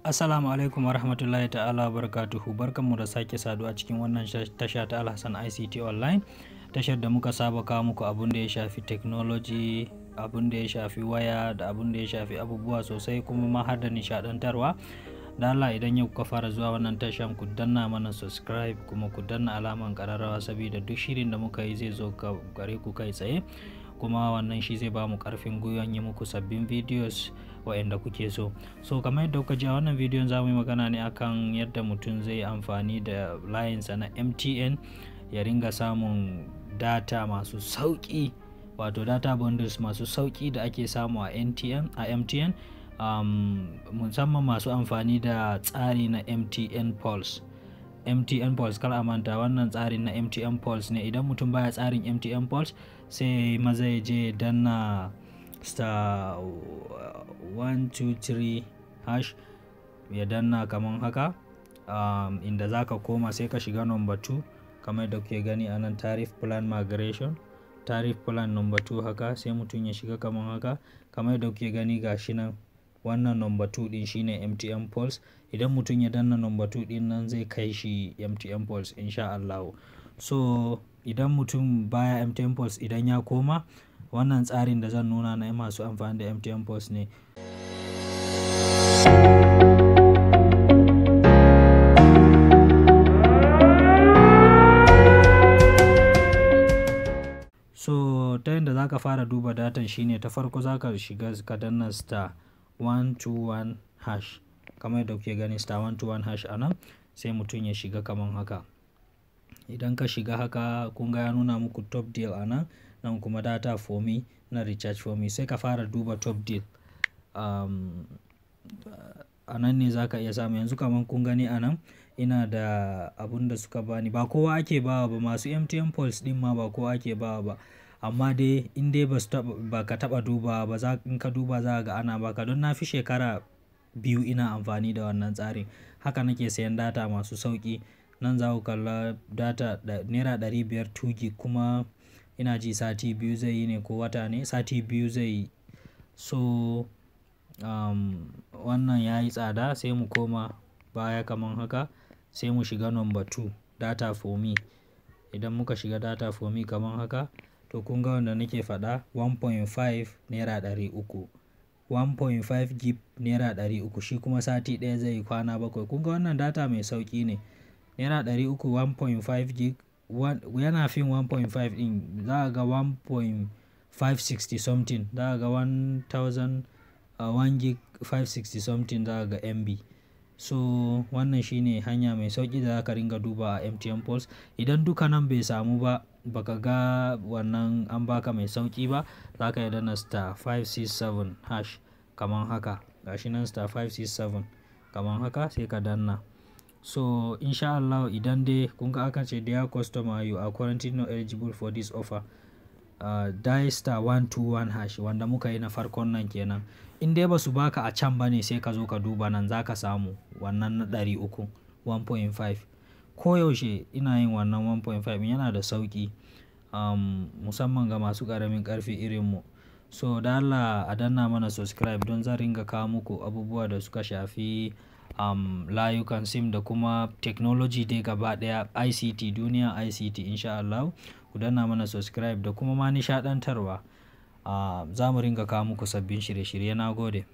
Assalamu alaikum warahmatullahi ta'ala barkatuhu barkanmu da sake saduwa cikin wannan tasha ta alhasan ICT online tashar da muka saba kawo muku abun da ya shafi technology abun da ya shafi waya da abun da ya shafi abubuwa sosai kuma ma har da nishadantarwa da Allah idan yau kuka fara zuwa wannan tashar ku danna mana subscribe kuma ku danna alamar kararrawa saboda duk shirin da muka yi zai zo gare ku kai tsaye kuma wannan shi zai ba mu karfin gwiwan yi muku sabbin videos waɗanda kuke so so kamar yadda kuka ji a wannan bidiyon za mu yi magana ne akan yadda mutum zai amfani da layinsa na mtn ya ringa samun data masu sauƙi wato data bundles masu sauki da ake samu a mtn a mtn um, musamman masu amfani da tsari na mtn pulse mtn pulse kar a manta wannan tsarin na mtn pulse ne idan mutum baya tsarin mtn pulse sai maza ya je danna star 123 uh, hash ya danna kaman haka um, inda za ka koma sai ka shiga number 2 kamar da kuke gani a nan tarif plan migration tarif plan number 2 haka sai mutum ya shiga kaman haka kamar da kuke gani gashi nan wannan number 2 din shine mtn pulse idan mutum ya danna number 2 din nan zai kai shi mtn pulse insha Allah so idan mutum baya mtn pulse idan ya koma wannan tsarin da zan nuna na masu amfani da mtn pulse ne so ta yadda za ka fara duba datan shine ta farko za ka shiga ka danna star 121 hash kamar yadda kuke gani star 121 hash a nan sai mutum ya shiga kaman haka idan ka shiga haka kun ga ya nuna muku top deal a nan kuma data for me na recharge for me sai ka fara duba top deal um, a nan ne zaka iya samu yanzu kamar kun gani a nan ina da abun da suka bani ba kowa ake bawa ba masu mtn pulse din ma ba kowa ake bawa ba amma dai in dai ba ka taɓa duba ba za in ka duba za ga ana baka don na fi shekara biyu ina amfani da wannan tsarin haka nake sayan data masu sauki nan za ku kalla data naira ɗari biyar tugi kuma ina ji sati biyu zai yi ne ko wata ne sati biyu zai so um, wannan ya yi tsada sai mu koma baya kaman haka sai mu shiga number 2 data for me idan muka shiga data for me kaman haka to kun ga wanda nake faɗa 1.5 naira ɗari uku 1.5 gig naira ɗari uku shi kuma sati ɗaya zai yi kwana bakwai kun ga wannan data mai sauƙi ne naira ɗari uku 1.5 gig yana fin 1.5 din za a ga 1.560 something za a ga 1000 uh, gig 560 something za a ga mb so wannan shine hanya mai sauki da za ka ringa duba a mtn pulse idan duka nan bai samu ba baka ga wannan an baka mai sauki ba za ka yi danna star 567 hash kamar haka gashi nan star 567 kamar haka sai ka danna so insha Allah idan dai kun ga aka ce dear customer you are currently not eligible for this offer Uh, ah, die star 121 hash wanda muka yi na farkon nan kenan in dai ba su baka a can bane sai ka zo ka duba nan za ka samu wannan na 300 1.5 koyaushe ina yin wannan 1.5 yana da sauƙi um, musamman ga masu ƙaramin ƙarfi irinmu so da Allah a danna mana subscribe don zan ringa kawo muku abubuwa da suka shafi um, layukan sim da kuma technology dai gaba ɗaya ict duniya ict insha Allah ku danna mana subscribe da kuma ma nishaɗantarwa uh, za mu ringa kawo muku sabbin shirye-shirye na gode